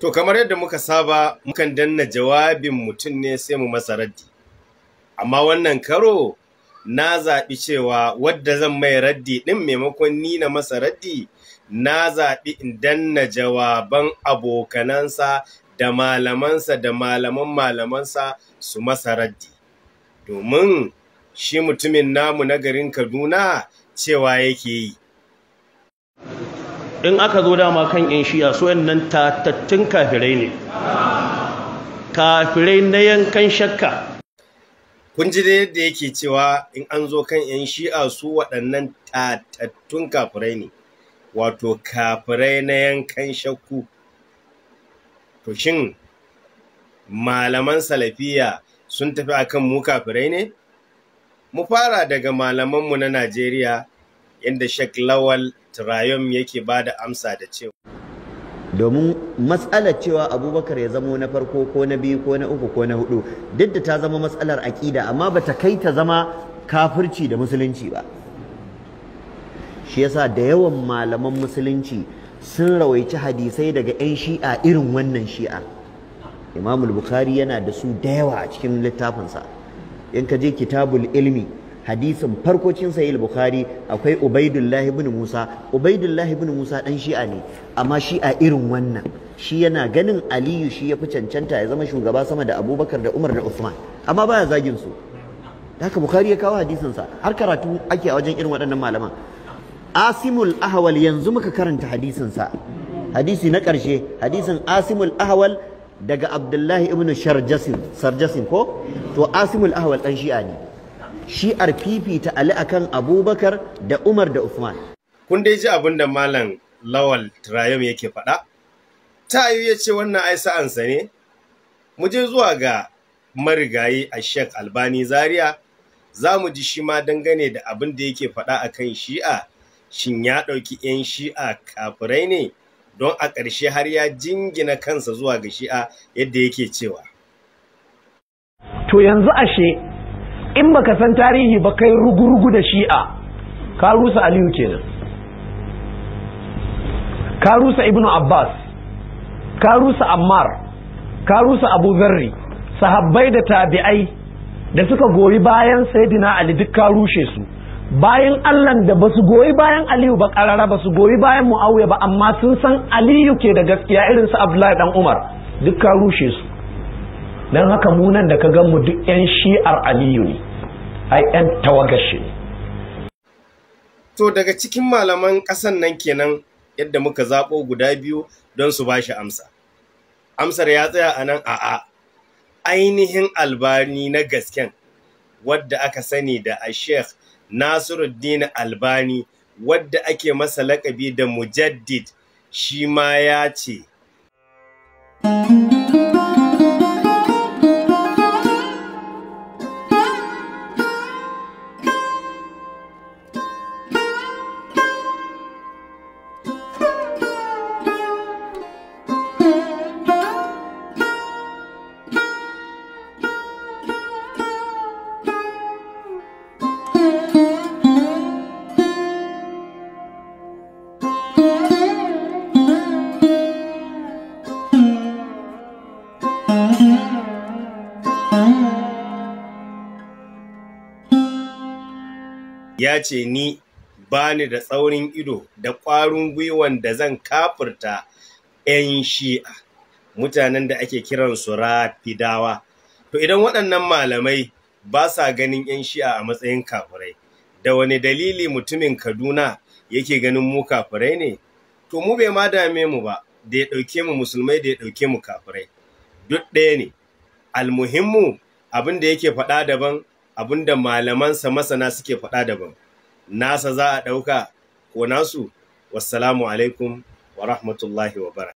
To kamar yadda muka saba mukan danna jawabin mutum ne sai mu masa raddi. Amma wannan karo na zaɓi cewa wadda zan mai raddi ɗin maimakon ni na masa raddi na zaɓi in danna jawaban abokanansa da malamansa da malaman malamansa su masa raddi. Domin shi mutumin namu na garin Kaduna cewa yake yi. in aka zo dama kan shiya shi'a yan nan tatattun kafirai ne kafirai na yankan shakka kun ji dai da yake cewa in an zo kan yan shi'a su waɗannan tatattun kafirai ne wato kafirai na yankan shakku to shin malaman salafiya sun tafi akan mu kafirai ne mu fara daga malamanmu na najeriya inda Sheikh Lawal turayom yake ba da amsa da cewa. Domin matsalar cewa Abubakar ya zamo na farko ko na biyu ko na uku ko na hudu duk da ta zama matsalar aƙida amma ba ta kai ta zama kafirci da musulunci ba. Shi yasa da yawan malaman musulunci sun rawaici hadisai daga 'yan shi'a irin wannan shi'a. Imamul Bukhari yana da su da yawa a cikin littafinsa. In ka je kitabul ilmi hadisin farko cin sahih bukhari akwai ubaidullahi ibn musa ubaidullahi ibn musa dan shi'a ne amma shi'a irin wannan shi yana ganin aliyu shi ya fi cancanta ya zama shugaba sama da abubakar da umar da usman amma baya zagin su haka bukhari ya kawo hadisin sa har karatu ake a wajen irin waɗannan malaman asimul ahwal yanzu muka karanta hadisin sa hadisi na ƙarshe hadisin asimul ahwal daga abdullahi ibn sharjasin sarjasin ko to asimul ahwal ɗan shi'a ne shi'ar fifita Ali akan Abubakar da Umar da Usman. Kun dai ji abin da Malam Lawal Trayom yake faɗa? Tayu ya ce wannan ai sa'ansa ne? Mu je zuwa ga marigayi a Sheikh Albani Zaria za mu ji shi ma dangane da abin da yake faɗa kan shi'a shin ya ɗauki 'yan shi'a kafirai ne don a ƙarshe har ya jingina kansa zuwa ga shi'a yadda yake cewa. To yanzu ashe in baka san tarihi ba kai rugurugu da shi'a ka rusa aliyu kenan ka rusa ibnu abbas ka rusa ammar ka rusa abu zarri sahabbai da tabi'ai da suka goyi bayan saidina ali duk ka rushe su bayan allan da ba su goyi bayan aliyu ba karara ba su goyi bayan muawiya ba amma sun san aliyu ke da gaskiya irin su abdullahi dan umar duk ka rushe su don haka munan da ka gan mu duk 'yan shi'ar aliyu ne ai 'yan tawagashi ne to daga cikin malaman ƙasan nan kenan yadda muka zaɓo guda biyu don su bashi amsa amsar ya tsaya a nan a'a ainihin albani na gasken wadda aka sani da a sheikh nasiruddin albani wadda ake masa lakabi da mujaddid shi ma ya ce ya ce ni ba ni da tsaurin ido da ƙwarin gwiwan da zan kafurta 'yan shi'a mutanen da ake su rafidawa to idan waɗannan malamai ba sa ganin 'yan shi'a a matsayin kafurai da wani dalili mutumin kaduna yake ganin mu kafurai ne to mu bai ma dame mu ba da ya ɗauke mu musulmai da ya ɗauke mu kafurai duk ɗaya ne almuhimmu abin da yake faɗa daban abinda malamansa masana suke faɗa daban nasa za a ɗauka ko nasu wassalamu alaikum wa rahmatullahi wa bara